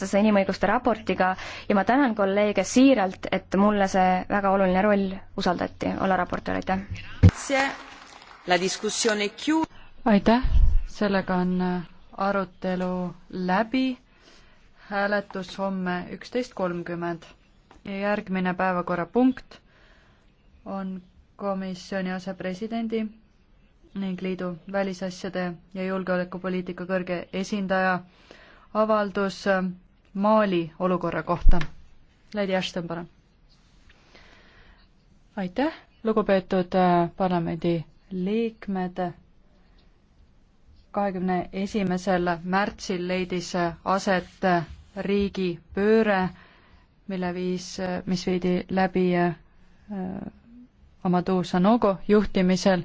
aastase inimõiguste raportiga ja ma tänan kolleege siiralt, et mulle see väga oluline roll usaldati olla raportöör, aitäh! aitäh, sellega on arutelu läbi, hääletus homme üksteist kolmkümmend ja järgmine päevakorrapunkt on komisjoni asepresidendi ning liidu välisasjade ja julgeolekupoliitika kõrge esindaja avaldus Mali olukorra kohta. Lady Ashton, palun. aitäh, lugupeetud äh, parlamendi liikmed. kahekümne esimesel märtsil leidis äh, aset äh, riigipööre, mille viis, mis viidi läbi Amadou Sanogo juhtimisel.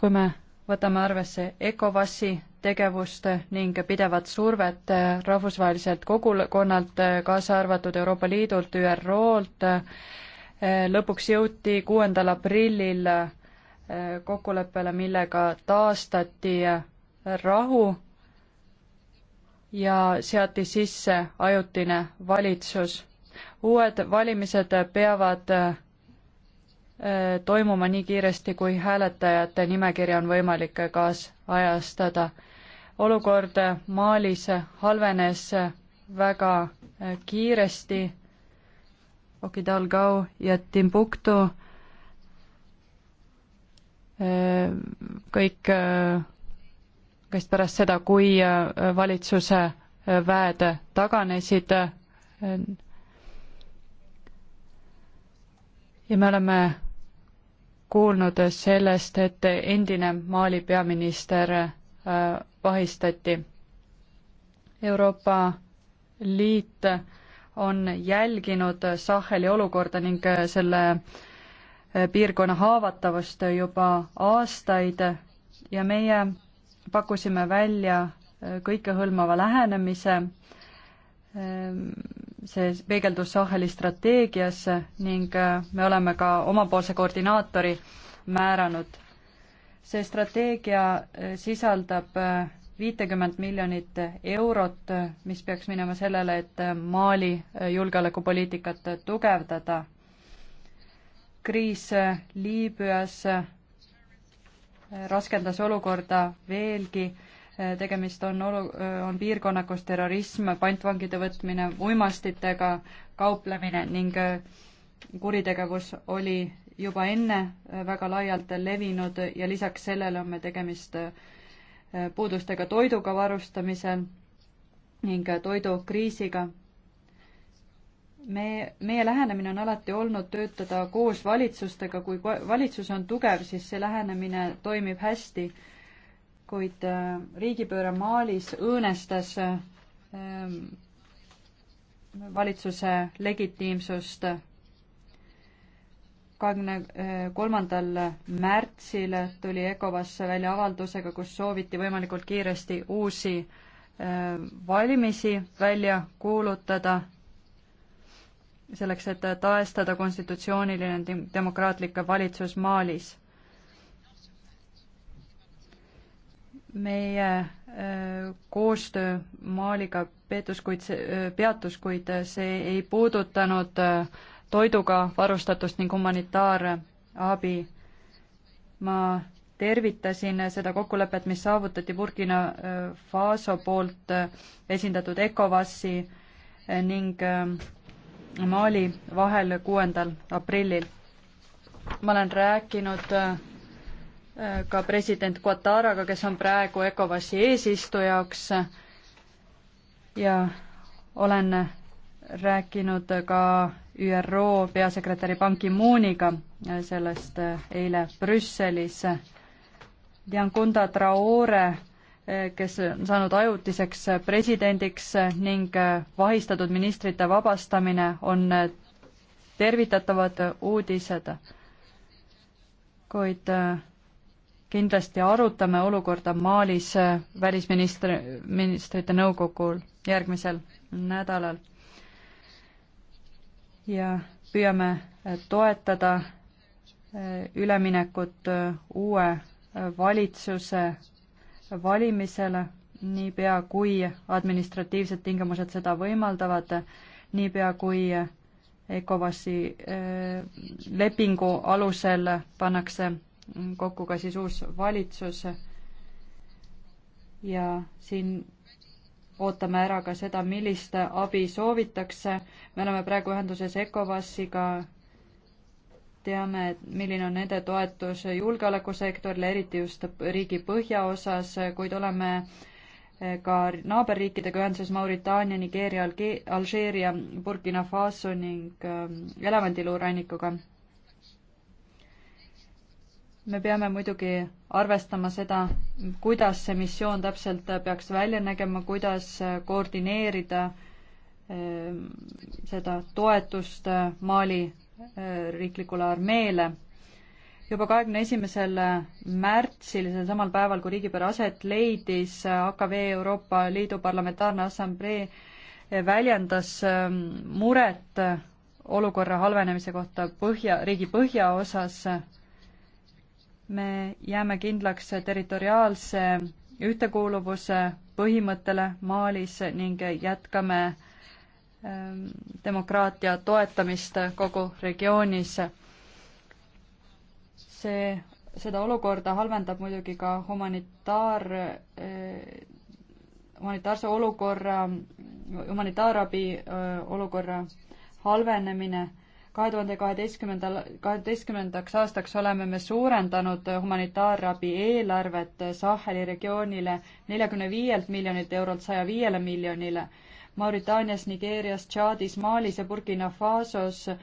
kui me võtame arvesse ECOWASi tegevust ning pidevat survet rahvusvaheliselt kogukonnalt, kaasa arvatud Euroopa Liidult, ÜRO-lt. lõpuks jõuti kuuendal aprillil kokkuleppele, millega taastati rahu ja seati sisse ajutine valitsus. uued valimised peavad äh, toimuma nii kiiresti, kui hääletajate nimekirja on võimalik kaasajastada olukord Malis halvenes väga eh, kiiresti. Okidalgau ja Timbuktu eh, kõik, eh, kes pärast seda, kui valitsuse väed taganesid, ja me oleme kuulnud sellest, et endine Mali peaminister Äh, vahistati. Euroopa Liit on jälginud Saheli olukorda ning selle äh, piirkonna haavatavust juba aastaid ja meie pakkusime välja äh, kõikehõlmava lähenemise. see peegeldus Saheli strateegiasse ning me oleme ka omapoolse koordinaatori määranud see strateegia eh, sisaldab eh, viitekümmet miljonit eurot, eh, mis peaks minema sellele, et Mali julgeolekupoliitikat tugevdada. kriis Liibüas raskendas olukorda veelgi, tegemist on olu-, on piirkonna, kus terrorism, pantvangide võtmine, uimastitega kauplemine ning kuritegevus oli juba enne äh, väga laialt levinud ja lisaks sellele on meil tegemist äh, puudustega toiduga varustamisel ning äh, toidukriisiga. me, meie lähenemine on alati olnud töötada koos valitsustega, kui valitsus on tugev, siis see lähenemine toimib hästi, kuid riigipööre Malis õõnestas ähm, valitsuse legitiimsust kahekümne kolmandal eh, märtsil tuli ECOWAS välja avaldusega, kus sooviti võimalikult kiiresti uusi eh, valimisi välja kuulutada, selleks et taestada konstitutsiooniline demokraatlik valitsus Malis. meie eh, koostöö Maaliga peetus, kuid see, peatus, kuid see ei puudutanud äh, toiduga varustatust ning humanitaarabi. ma tervitasin seda kokkulepet, mis saavutati Burkina äh, Faso poolt äh, esindatud ECOWAS-i äh, ning Mali vahel kuuendal aprillil. ma olen rääkinud ka president Guataraga, kes on praegu ECOWAS-i eesistujaks ja olen rääkinud ka ÜRO peasekretäri Ban Ki-mooniga äh, sellest äh, eile Brüsselis. Diankunda Traore, äh, kes on saanud ajutiseks presidendiks ning vahistatud ministrite vabastamine on tervitatavad uudised. kuid kindlasti arutame olukorda Malis välisministri, ministrite nõukogul järgmisel nädalal ja püüame äh, toetada äh, üleminekut äh, uue valitsuse valimisele, niipea kui administratiivsed tingimused seda võimaldavad, niipea kui ECOWAS-i lepingu alusel pannakse kokku ka siis uus valitsus ja siin ootame ära ka seda, millist abi soovitakse. me oleme praegu ühenduses ECOWAS-iga, teame, et milline on nende toetus julgeolekusektorile, eriti just riigi põhjaosas, kuid oleme eh, ka naaberriikidega ühenduses Mauritaania, Nigeeria, Algeeria, Burkina Faso ning eh, elevandiluuranikuga me peame muidugi arvestama seda, kuidas see missioon täpselt peaks välja nägema, kuidas koordineerida ehm, seda toetust eh, Mali eh, riiklikule armeele. juba kahekümne esimesel eh, märtsil, sel samal päeval, kui riigipööre aset leidis, AKV Euroopa Liidu Parlamentaarne Assamblee väljendas ehm, muret olukorra halvenemise kohta põhja, riigi põhjaosas me jääme kindlaks territoriaalse ühtekuuluvuse põhimõttele Malis ning jätkame ähm, demokraatia toetamist kogu regioonis. see, seda olukorda halvendab muidugi ka humanitaar, äh, humanitaarse olukorra, humanitaarabi äh, olukorra halvenemine kahe tuhande kaheteistkümnendal, kaheteistkümnendaks aastaks oleme me suurendanud humanitaarabi eelarvet Saheli regioonile neljakümne viielt miljonilt eurolt saja viiele miljonile. Mauritaanias, Nigeerias, Tšaadis, Malis ja Burkina Fasos äh,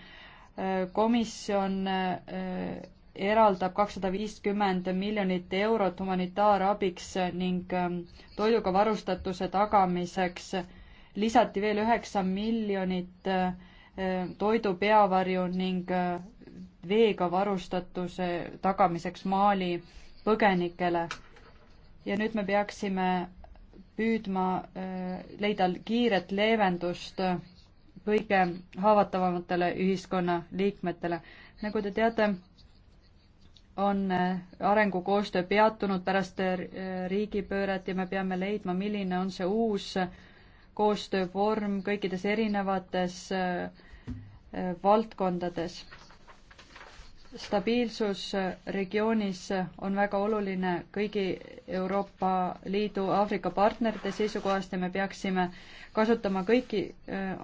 komisjon äh, eraldab kakssada viiskümmend miljonit eurot humanitaarabiks ning ähm, toiduga varustatuse tagamiseks. lisati veel üheksa miljonit äh, Äh, toidu peavarju ning äh, veega varustatuse tagamiseks Mali põgenikele. ja nüüd me peaksime püüdma äh, leida kiiret leevendust kõige haavatavamatele ühiskonnaliikmetele. nagu te teate, on arengukoostöö peatunud pärast riigipööret ja me peame leidma, milline on see uus koostöövorm kõikides erinevates äh, äh, valdkondades. stabiilsus äh, regioonis on väga oluline kõigi Euroopa Liidu Aafrika partnerite seisukohast ja me peaksime kasutama kõiki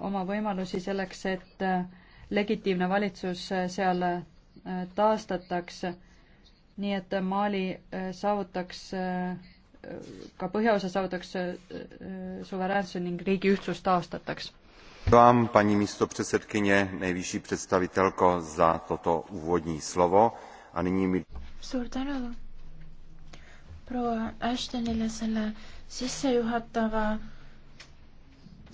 oma võimalusi selleks, et legitiimne valitsus seal taastataks, nii et Mali saavutaks ka põhjaosa saadakse äh, äh, suveräänsuse ning riigi ühtsus taastataks. vám paní místopředsedkyně nejvyšší představitelko za toto úvodní slovo a nyní mi suur tänu proua Ashtonile selle sissejuhatava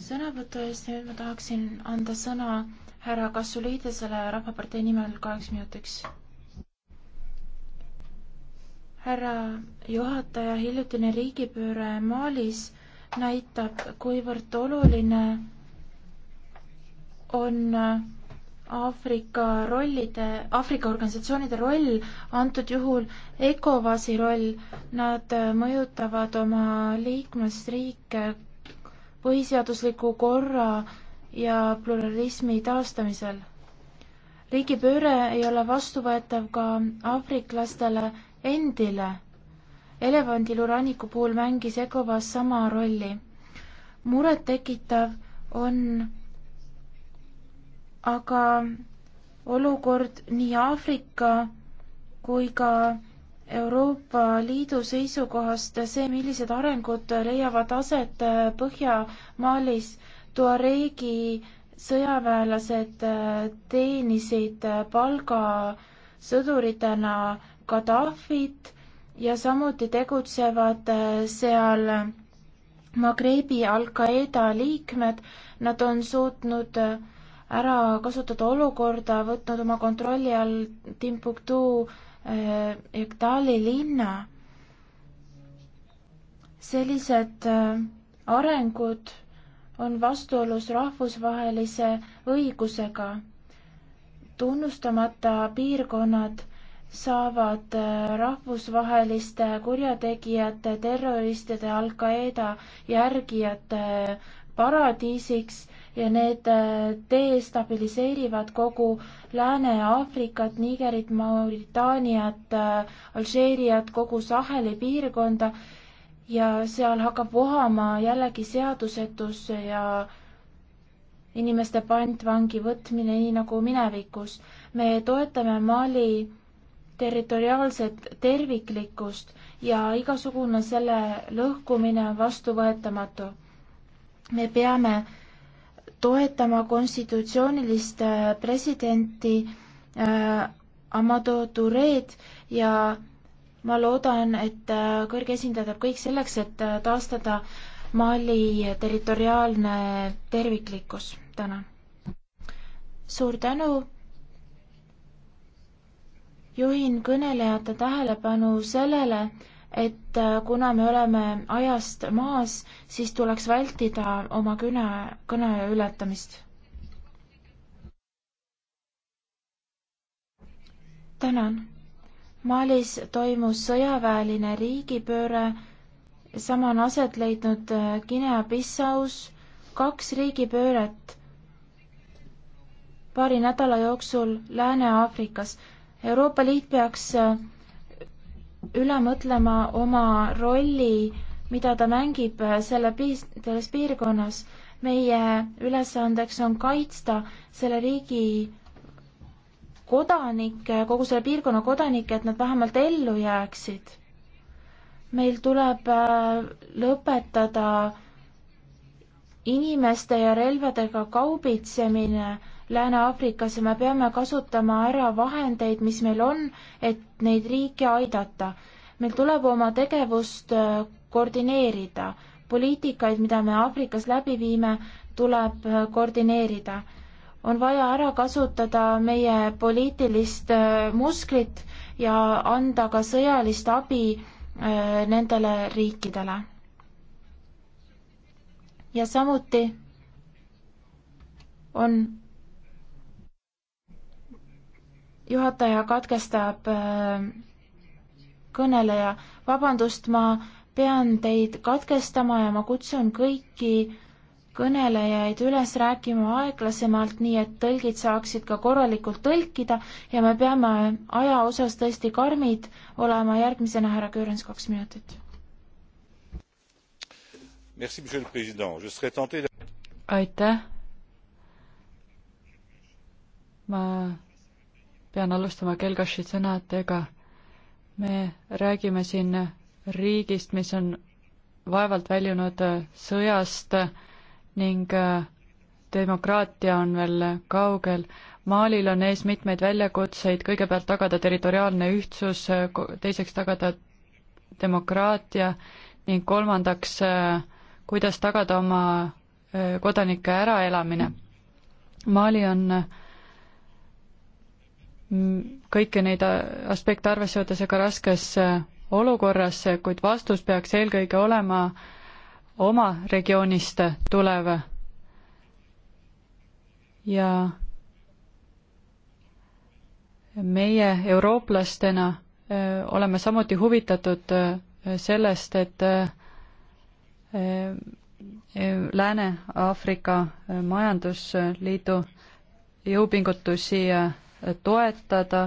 sõnavõtu eest ja nüüd ma tahaksin anda sõna härra Kasuliidesele Rahvapartei nimel kaheks minutiks härra juhataja, hiljutine riigipööre Malis näitab, kuivõrd oluline on Aafrika rollide, Aafrika organisatsioonide roll, antud juhul ECOWAS-i roll, nad mõjutavad oma liikmesriike põhiseadusliku korra ja pluralismi taastamisel. riigipööre ei ole vastuvõetav ka aafriklastele endile. elevandiluranniku puhul mängis Ekovas sama rolli. murettekitav on aga olukord nii Aafrika kui ka Euroopa Liidu seisukohast see, millised arengud leiavad aset äh, Põhjamaalis. Tuareegi sõjaväelased äh, teenisid palgasõduritena äh, Gaddafit ja samuti tegutsevad äh, seal Magrebi al-Qaeda liikmed, nad on suutnud äh, ära kasutada olukorda, võtnud oma kontrolli all Timbuktu äh, Egdali linna. sellised äh, arengud on vastuolus rahvusvahelise õigusega. tunnustamata piirkonnad saavad äh, rahvusvaheliste kurjategijate, terroristide, Al-Qaeda järgijate äh, paradiisiks ja need äh, destabiliseerivad kogu Lääne-Aafrikat, Nigerit, Mauritaaniat, Alžeeriat, kogu Saheli piirkonda ja seal hakkab vohama jällegi seadusetus ja inimeste pantvangi võtmine, nii nagu minevikus. me toetame Mali territoriaalset terviklikkust ja igasugune selle lõhkumine on vastuvõetamatu. me peame toetama konstitutsioonilist presidenti äh, Amado Tureed ja ma loodan, et äh, kõrge esindaja teeb kõik selleks, et äh, taastada Mali territoriaalne terviklikkus. tänan. suur tänu juhin kõnelejate tähelepanu sellele, et äh, kuna me oleme ajast maas, siis tuleks vältida oma kõne, kõne ületamist. tänan. Malis toimus sõjaväeline riigipööre, sama on aset leidnud äh, Guinea-Bissaus, kaks riigipööret paari nädala jooksul Lääne-Aafrikas Euroopa Liit peaks äh, üle mõtlema oma rolli, mida ta mängib äh, selle piis-, selles piirkonnas. meie ülesandeks on kaitsta selle riigi kodanikke, kogu selle piirkonna kodanikke, et nad vähemalt ellu jääksid. meil tuleb äh, lõpetada inimeste ja relvadega kaubitsemine Lääne-Aafrikas ja me peame kasutama ära vahendeid, mis meil on, et neid riike aidata. meil tuleb oma tegevust äh, koordineerida, poliitikaid, mida me Aafrikas läbi viime, tuleb äh, koordineerida. on vaja ära kasutada meie poliitilist äh, musklit ja anda ka sõjalist abi nendele riikidele ja samuti on juhataja katkestab äh, kõneleja. vabandust, ma pean teid katkestama ja ma kutsun kõiki kõnelejaid üles rääkima aeglasemalt, nii et tõlgid saaksid ka korralikult tõlkida ja me peame aja osas tõesti karmid olema. järgmisena härra Köörens, kaks minutit aitäh. ma pean alustama Kelgashi sõnadega. me räägime siin riigist, mis on vaevalt väljunud sõjast ning äh, demokraatia on veel kaugel. Malil on ees mitmeid väljakutseid, kõigepealt tagada territoriaalne ühtsus, teiseks tagada demokraatia ning kolmandaks äh, kuidas tagada oma kodanike äraelamine. Mali on mm, kõiki neid äh, aspekte arvesse võttes väga raskes äh, olukorras, äh, kuid vastus peaks eelkõige olema oma regioonist tulev ja meie eurooplastena oleme samuti huvitatud sellest, et Lääne-Aafrika Majandusliidu jõupingutusi äh, toetada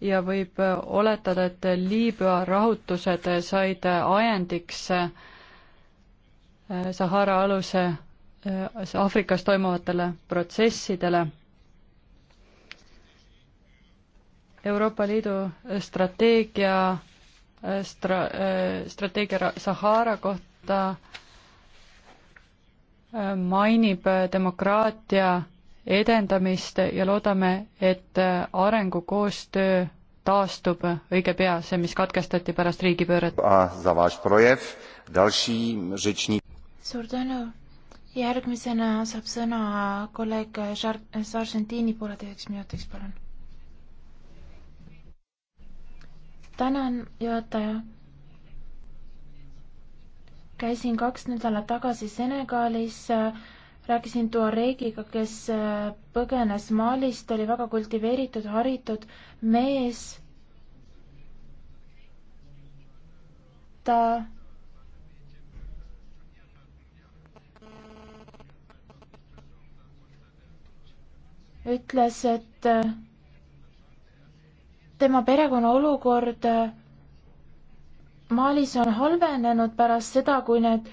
ja võib äh, oletada, et Liibüa rahutused äh, said ajendiks Sahara aluse Aafrikas toimuvatele protsessidele. Euroopa Liidu strateegia Äh, stra-, äh, strateegia Sahara kohta äh, mainib demokraatia edendamist ja loodame, et arengukoostöö taastub õige pea, see, mis katkestati pärast riigipööret. suur tänu. järgmisena saab sõna kolleeg Sargentini pooleteiseks minutiks, palun tänan, juhataja. käisin kaks nädalat tagasi Senegaalis, rääkisin tuareegiga, kes äh, põgenes Malist, oli väga kultiveeritud, haritud mees. ta ütles, et äh, tema perekonna olukord äh, Malis on halvenenud pärast seda, kui need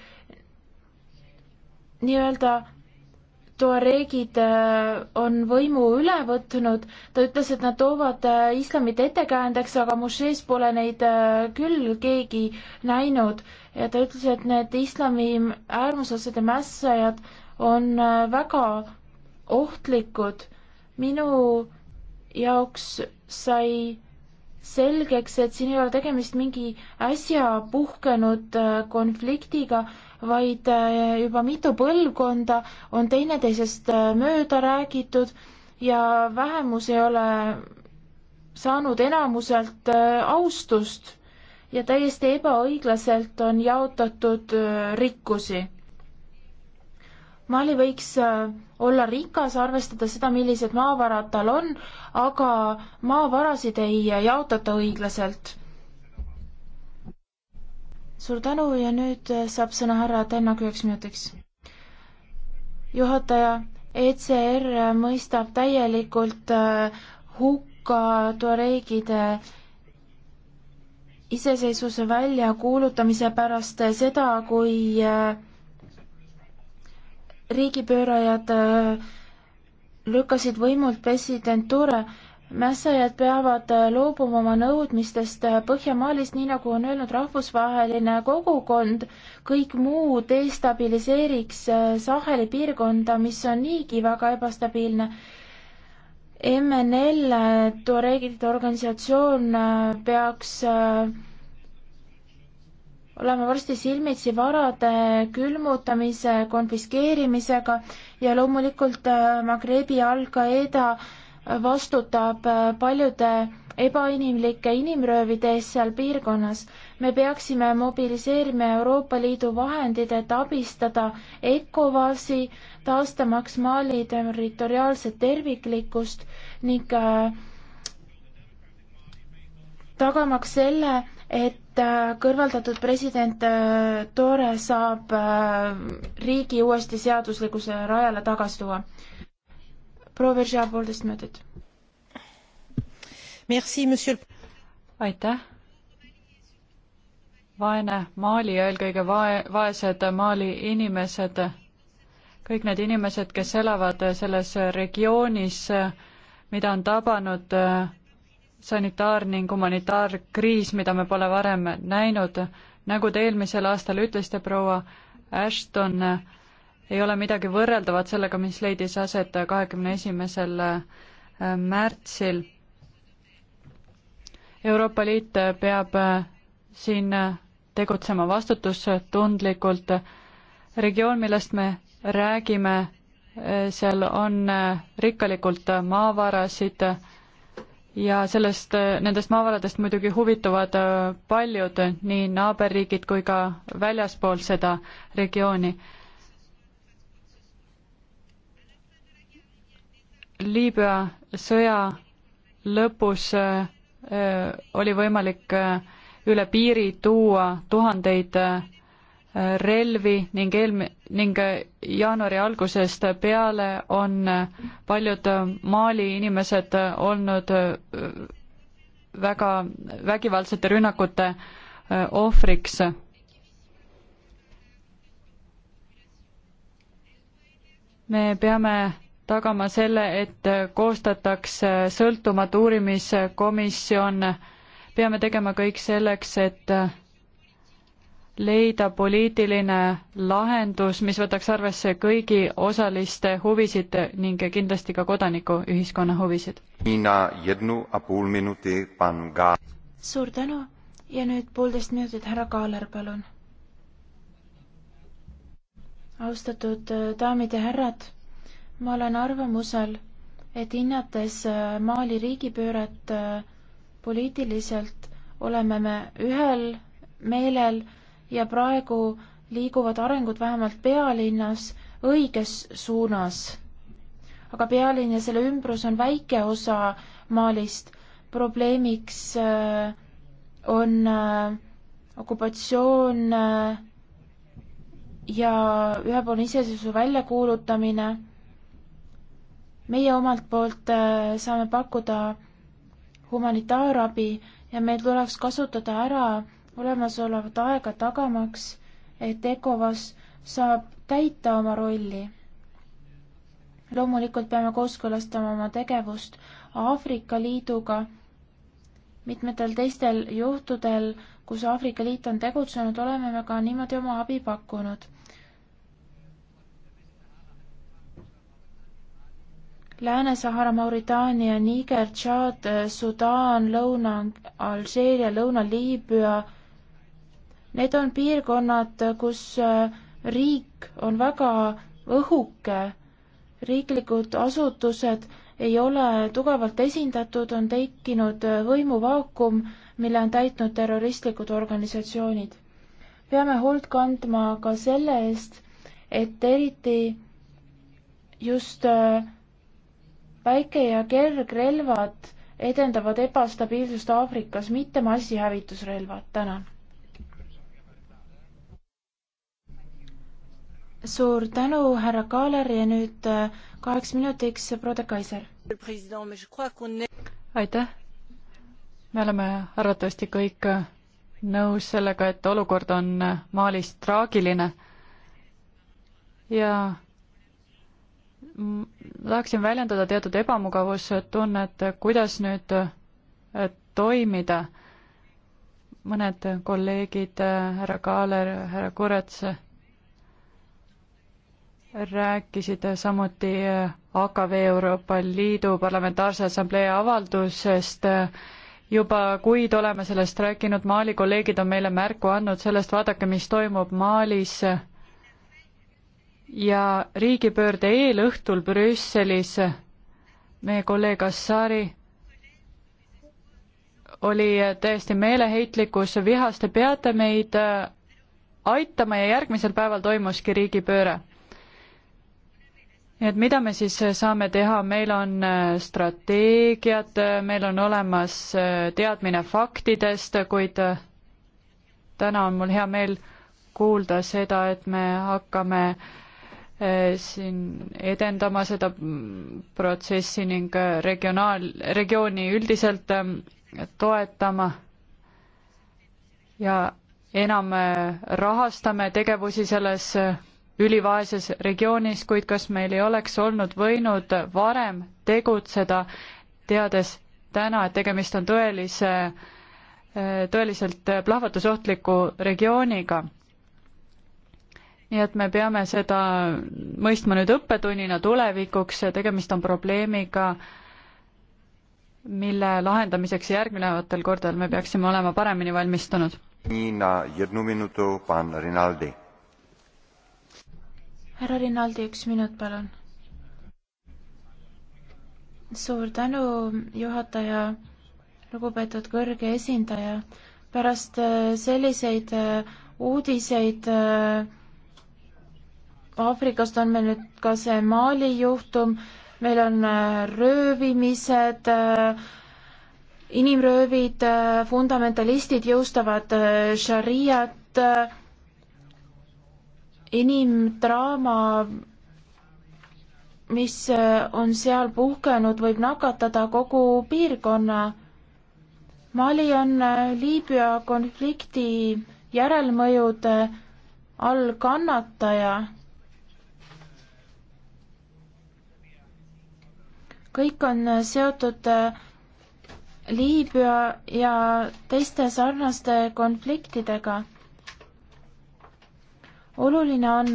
nii-öelda tuareegid äh, on võimu üle võtnud, ta ütles, et nad toovad äh, islamit ettekäändeks, aga mošees pole neid küll keegi näinud ja ta ütles, et need islami äärmuslased ja mässajad on väga ohtlikud. minu jaoks sai selgeks, et siin ei ole tegemist mingi äsja puhkenud äh, konfliktiga, vaid äh, juba mitu põlvkonda on teineteisest äh, mööda räägitud ja vähemus ei ole saanud enamuselt austust ja täiesti ebaõiglaselt on jaotatud rikkusi Mali võiks äh, olla rikas, arvestada seda, millised maavarad tal on, aga maavarasid ei jaotata õiglaselt. suur tänu ja nüüd äh, saab sõna härra Tännak üheks minutiks. juhataja, ECR äh, mõistab täielikult hukka tuareegide iseseisvuse väljakuulutamise pärast seda, kui äh, riigipöörajad äh, lükkasid võimult presidentuure. mässajad peavad äh, loobuma oma nõudmistest äh, Põhjamaalist, nii nagu on öelnud rahvusvaheline kogukond. kõik muu destabiliseeriks Saheli piirkonda, mis on niigi väga ebastabiilne. MNL, Tuareegide organisatsioon peaks äh, oleme varsti silmitsi varade külmutamise, konfiskeerimisega ja loomulikult äh, Magrebi Al-Qaeda äh, vastutab äh, paljude ebainimlike inimröövide eest seal piirkonnas. me peaksime mobiliseerima Euroopa Liidu vahendid, et abistada ECOWAS-i, taastamaks Mali territoriaalset terviklikkust ning tagamaks selle, et äh, kõrvaldatud president äh, Tore saab äh, riigi uuesti seaduslikuse rajale tagasi tuua. proua Veržea, poolteist minutit. aitäh. vaene Mali ja eelkõige vae, vaesed Mali inimesed, kõik need inimesed, kes elavad selles regioonis, mida on tabanud äh, sanitaar- ning humanitaarkriis, mida me pole varem näinud. nagu te eelmisel aastal ütlesite, proua Ashton, ei ole midagi võrreldavat sellega, mis leidis aset kahekümne esimesel äh, märtsil. Euroopa Liit peab äh, siin tegutsema vastutustundlikult. regioon, millest me räägime, äh, seal on rikkalikult maavarasid ja sellest, äh, nendest maavaradest muidugi huvituvad äh, paljud, nii naaberriigid kui ka väljaspool seda regiooni. Liibüa sõja lõpus äh, oli võimalik üle piiri tuua tuhandeid relvi ning eelm-, ning jaanuari algusest peale on paljud Mali inimesed olnud väga vägivaldsete rünnakute ohvriks. me peame tagama selle, et koostatakse sõltumatu uurimiskomisjon, peame tegema kõik selleks, et leida poliitiline lahendus, mis võtaks arvesse kõigi osaliste huvisid ning kindlasti ka kodanikuühiskonna huvisid. suur tänu ja nüüd poolteist minutit, härra Kaaler, palun. austatud äh, daamid ja härrad, ma olen arvamusel, et hinnates äh, Mali riigipööret äh, poliitiliselt, oleme me ühel meelel ja praegu liiguvad arengud vähemalt pealinnas õiges suunas. aga pealinn ja selle ümbrus on väike osa Malist. probleemiks äh, on äh, okupatsioon äh, ja ühepoolne iseseisvuse väljakuulutamine. meie omalt poolt saame pakkuda humanitaarabi ja meil tuleks kasutada ära olemasolevat aega tagamaks, et ECOWAS saab täita oma rolli. loomulikult peame kooskõlastama oma tegevust Aafrika Liiduga, mitmetel teistel juhtudel, kus Aafrika Liit on tegutsenud, oleme me ka niimoodi oma abi pakkunud. Lääne-Sahara, Mauritaania, Niger, Tšaad, Sudaan, Lõuna-Alžeeria, Lõuna-Liibüa Need on piirkonnad, kus äh, riik on väga õhuke, riiklikud asutused ei ole tugevalt esindatud, on tekkinud äh, võimuvaakum, mille on täitnud terroristlikud organisatsioonid. peame hoolt kandma ka selle eest, et eriti just väike- äh, ja kergrelvad edendavad ebastabiilsust Aafrikas, mitte massihävitusrelvad, tänan suur tänu, härra Kaaler ja nüüd äh, kaheks minutiks äh, Prode Kaiser. aitäh. me oleme arvatavasti kõik äh, nõus sellega, et olukord on Malis traagiline ja tahaksin väljendada teatud ebamugavustunnet, kuidas nüüd toimida. mõned kolleegid, härra Kaaler, härra Kurets rääkisite samuti AKV Euroopa Liidu Parlamentaarse Assamblee avaldusest. juba kuid oleme sellest rääkinud, Mali kolleegid on meile märku andnud sellest, vaadake, mis toimub Malis. ja riigipöörde eelõhtul Brüsselis meie kolleeg Assari oli täiesti meeleheitlikus vihas, te peate meid aitama ja järgmisel päeval toimuski riigipööre nii et mida me siis saame teha, meil on äh, strateegiad, äh, meil on olemas äh, teadmine faktidest, kuid täna on mul hea meel kuulda seda, et me hakkame siin edendama seda mm, protsessi ning regionaal, regiooni üldiselt ähm, toetama ja enam rahastame tegevusi selles ülivaeses regioonis, kuid kas meil ei oleks olnud võinud varem tegutseda, teades täna, et tegemist on tõelise, tõeliselt plahvatusohtliku regiooniga. nii et me peame seda mõistma nüüd õppetunnina tulevikuks, tegemist on probleemiga, mille lahendamiseks järgnevatel kordadel me peaksime olema paremini valmistunud. nii, na jednu minutu, pan Rinaldi härra Rinaldi, üks minut, palun. suur tänu, juhataja, lugupeetud kõrge esindaja. pärast äh, selliseid äh, uudiseid äh, Aafrikast on meil nüüd ka see Mali juhtum, meil on röövimised, inimröövid, fundamentalistid jõustavad šariat inimdraama, mis äh, on seal puhkenud, võib nakatada kogu piirkonna. Mali on äh, Liibüa konflikti järelmõjude all kannataja kõik on äh, seotud Liibüa ja teiste sarnaste konfliktidega oluline on,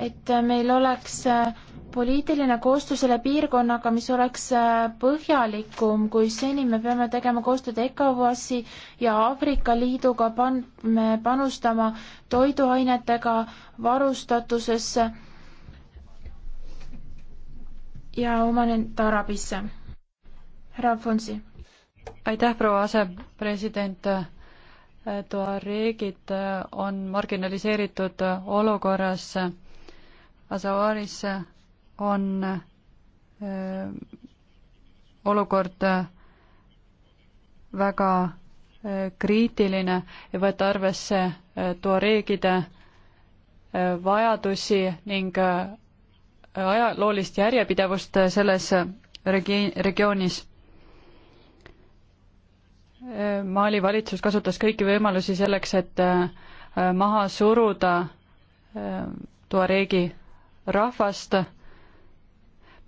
et meil oleks äh, poliitiline koostöö selle piirkonnaga, mis oleks äh, põhjalikum kui seni, me peame tegema koostööd ECOWAS-i ja Aafrika Liiduga, pan-, panustama toiduainetega varustatusesse ja humanitaarabisse. härra Alfonsi. aitäh, proua asepresident toa riigid on marginaliseeritud olukorras. Azawaaris on äh, olukord väga äh, kriitiline ja võtta arvesse äh, tuareegide vajadusi ning ajaloolist järjepidevust selles regi-, regioonis Mali valitsus kasutas kõiki võimalusi selleks, et äh, maha suruda äh, Tuareegi rahvast.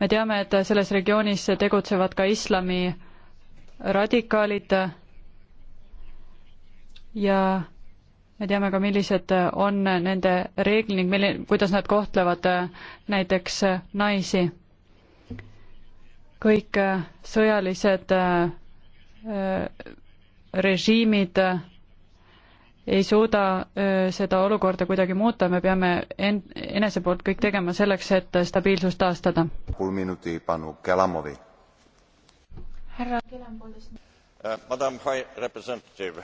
me teame, et selles regioonis tegutsevad ka islami radikaalid ja me teame ka, millised on nende reeglid ning milline, kuidas nad kohtlevad äh, näiteks naisi. kõik sõjalised režiimid ei suuda seda olukorda kuidagi muuta, me peame en-, enese poolt kõik tegema selleks, et stabiilsust taastada. kolm minutit, Panu Kelamovi. härra Kelam, poolteist minutit. Madam High Representative.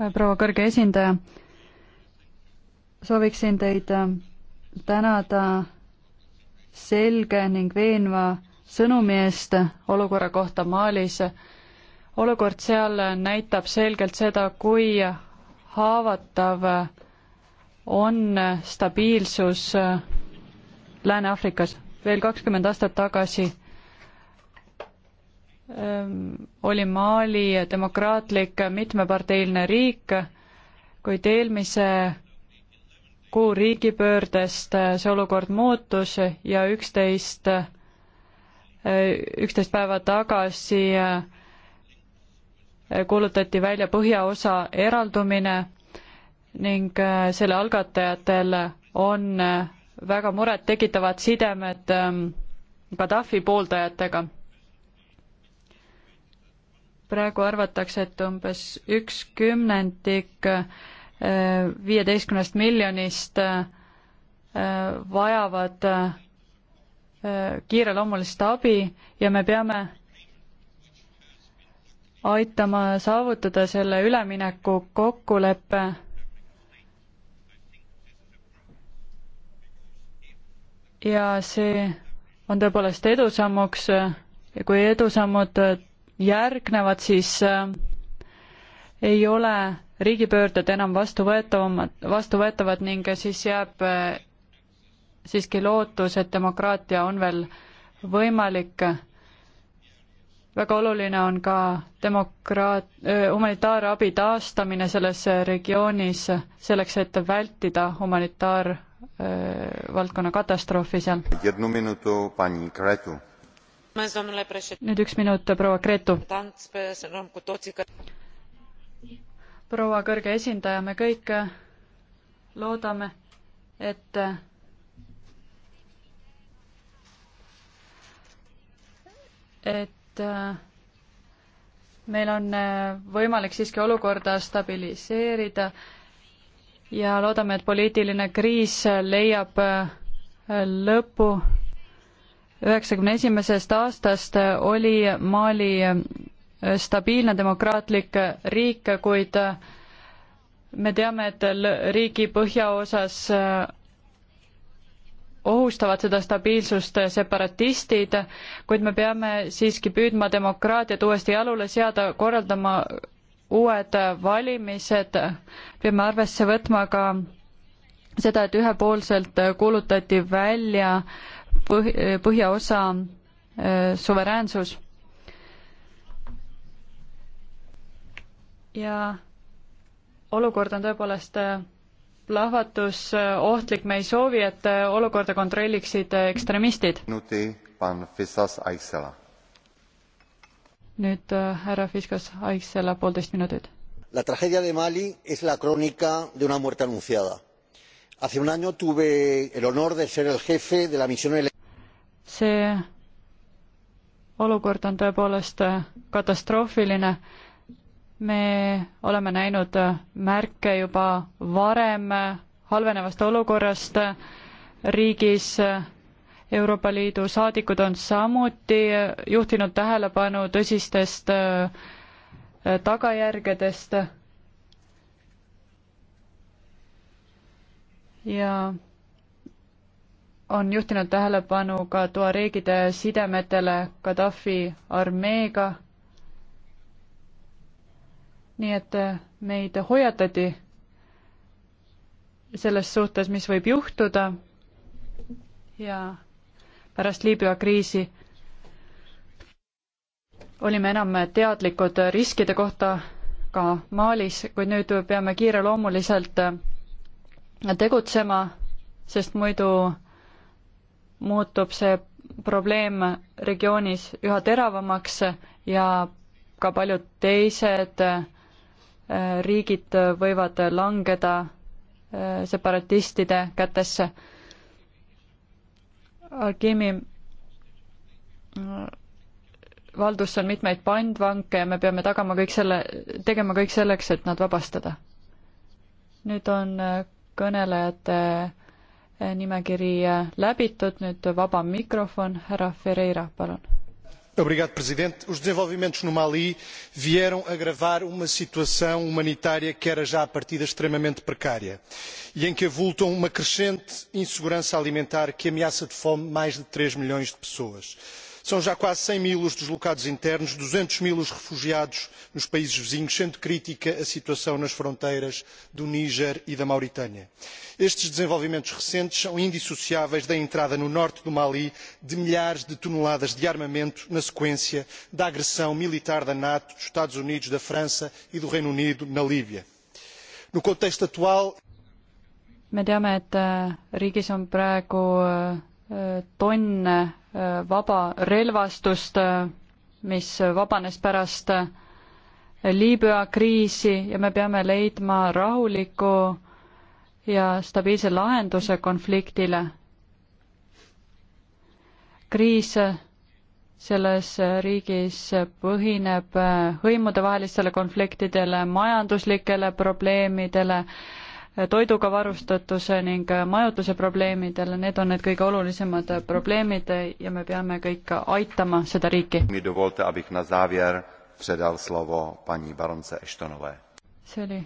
Äh, proua kõrge esindaja, sooviksin teid äh, tänada selge ning veenva sõnumi eest olukorra kohta Malis olukord seal näitab selgelt seda, kui haavatav on stabiilsus Lääne-Aafrikas. veel kakskümmend aastat tagasi ehm, oli Mali demokraatlik mitmeparteiline riik, kuid eelmise kuu riigipöördest see olukord muutus ja üksteist, üksteist päeva tagasi äh, kuulutati välja põhjaosa eraldumine ning äh, selle algatajatel on äh, väga murettekitavad sidemed ähm, Gaddafi pooldajatega. praegu arvatakse, et umbes üks kümnendik äh, viieteistkümnest miljonist vajavad kiireloomulist abi ja me peame aitama saavutada selle ülemineku kokkuleppe. ja see on tõepoolest edusammuks ja kui edusammud järgnevad, siis äh, ei ole riigipöörded enam vastuvõetavamad, vastuvõetavad ning siis jääb äh, siiski lootus, et demokraatia on veel võimalik väga oluline on ka demokraat-, humanitaarabi taastamine selles regioonis selleks, et vältida humanitaarvaldkonna katastroofi seal. nüüd üks minut, proua Gretu. proua kõrge esindaja, me kõik loodame, et et et äh, meil on äh, võimalik siiski olukorda stabiliseerida ja loodame, et poliitiline kriis leiab äh, lõpu. üheksakümne esimesest aastast oli Mali stabiilne demokraatlik riik, kuid me teame, et riigi põhjaosas ohustavad seda stabiilsust äh, separatistid, kuid me peame siiski püüdma demokraatiat uuesti jalule seada, korraldama uued äh, valimised, peame arvesse võtma ka seda, et ühepoolselt äh, kuulutati välja põh-, põhjaosa suveräänsus. ja olukord on tõepoolest plahvatus eh, ohtlik, me ei soovi, et eh, olukorda kontrolliksid eh, ekstremistid. nüüd härra Fiskas Aiksela, poolteist minutit. La tragedia de Mali es la crónica de una muerte anunciada. Hace un año tuve el honor de ser el jefe de la misión see olukord on tõepoolest katastroofiline me oleme näinud märke juba varem halvenevast olukorrast riigis. Euroopa Liidu saadikud on samuti juhtinud tähelepanu tõsistest äh, tagajärgedest. ja on juhtinud tähelepanu ka tuareegide sidemetele Gaddafi armeega nii et äh, meid hoiatati selles suhtes, mis võib juhtuda ja pärast Liibüa kriisi olime enam teadlikud riskide kohta ka Malis, kuid nüüd peame kiireloomuliselt äh, tegutsema, sest muidu muutub see probleem regioonis üha teravamaks ja ka paljud teised äh, riigid võivad langeda äh, separatistide kätesse. Algimi äh, valdusse on mitmeid pandvanke ja me peame tagama kõik selle, tegema kõik selleks, et nad vabastada. nüüd on äh, kõnelejate nimekiri läbitud, nüüd vaba mikrofon, härra Ferreira, palun senhor presidente os desenvolvimentos no mali vieram agravar uma situação humanitária que era já à partida extremamente precária e em que avultam uma crescente insegurança alimentar que ameaça de fome mais de três milhões de pessoas são já quase cem mil os deslocados internos duzentos mil os refugiados nos países vizinhos sendo crítica a situação nas fronteiras do níger e da mauritânia. estes desenvolvimentos recentes são indissociáveis da entrada no norte do mali de milhares de toneladas de armamento na sequência da agressão militar da nato dos estados unidos da frança e do reino unido na líbia. no contexto atual me teame et äh, riigis on praegu äh, tonne äh, vaba relvastust, äh, mis vabanes pärast äh, Liibüa kriisi ja me peame leidma rahuliku ja stabiilse lahenduse konfliktile. kriis selles riigis põhineb hõimudevahelistele konfliktidele, majanduslikele probleemidele, toiduga varustatuse ning majutuse probleemidele, need on need kõige olulisemad probleemid ja me peame kõik aitama seda riiki. see oli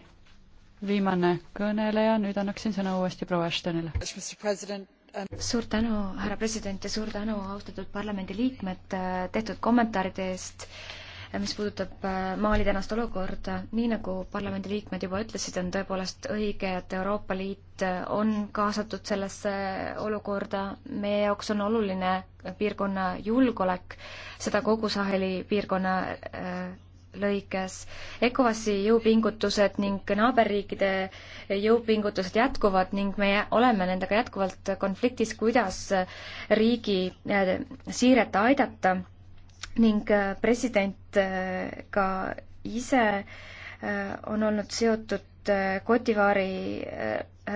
viimane kõneleja, nüüd annaksin sõna uuesti proua Ashtonile. Um, suur tänu, härra president ja suur tänu, austatud parlamendiliikmed, tehtud kommentaaride eest mis puudutab äh, Mali tänast olukorda, nii nagu parlamendiliikmed juba ütlesid, on tõepoolest õige, et Euroopa Liit äh, on kaasatud sellesse olukorda. meie jaoks on oluline piirkonna julgeolek, seda kogu Saheli piirkonna äh, lõikes. ECOWAS-i jõupingutused ning naaberriikide jõupingutused jätkuvad ning me oleme nendega jätkuvalt konfliktis, kuidas riigi siiret aidata ning äh, president äh, ka ise äh, on olnud seotud Kotivaari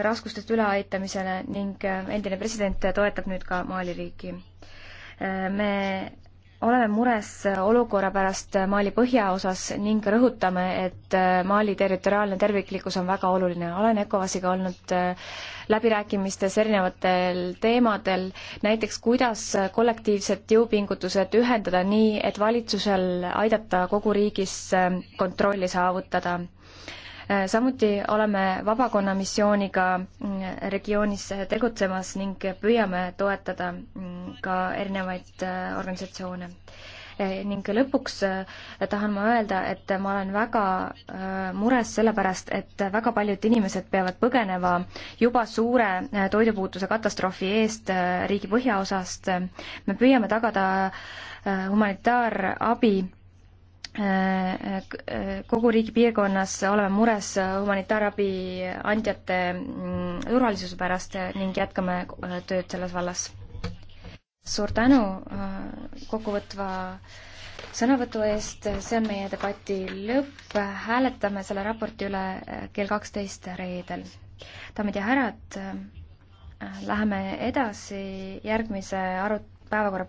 raskustest üleaitamisele ning endine president toetab nüüd ka Mali riiki. me oleme mures olukorra pärast Mali põhjaosas ning rõhutame, et äh, Mali territoriaalne terviklikkus on väga oluline. olen ECOWASiga olnud äh, läbirääkimistes erinevatel teemadel, näiteks kuidas kollektiivsed jõupingutused ühendada nii, et valitsusel aidata kogu riigis äh, kontrolli saavutada Äh, samuti oleme vabakonna missiooniga mm, regioonis tegutsemas ning püüame toetada mm, ka erinevaid äh, organisatsioone äh, ning lõpuks tahan ma öelda, et ma olen väga mures sellepärast, et väga paljud inimesed peavad põgenema juba suure toidupuutuse katastroofi eest riigi põhjaosast. me püüame tagada humanitaarabi kogu riigi piirkonnas oleme mures humanitaarabi andjate mm, turvalisuse pärast ning jätkame äh, tööd selles vallas. suur tänu äh, kokkuvõtva sõnavõtu eest, see on meie debati lõpp, hääletame selle raporti üle äh, kell kaksteist reedel. daamid ja härrad, läheme edasi järgmise arut-, päevakorra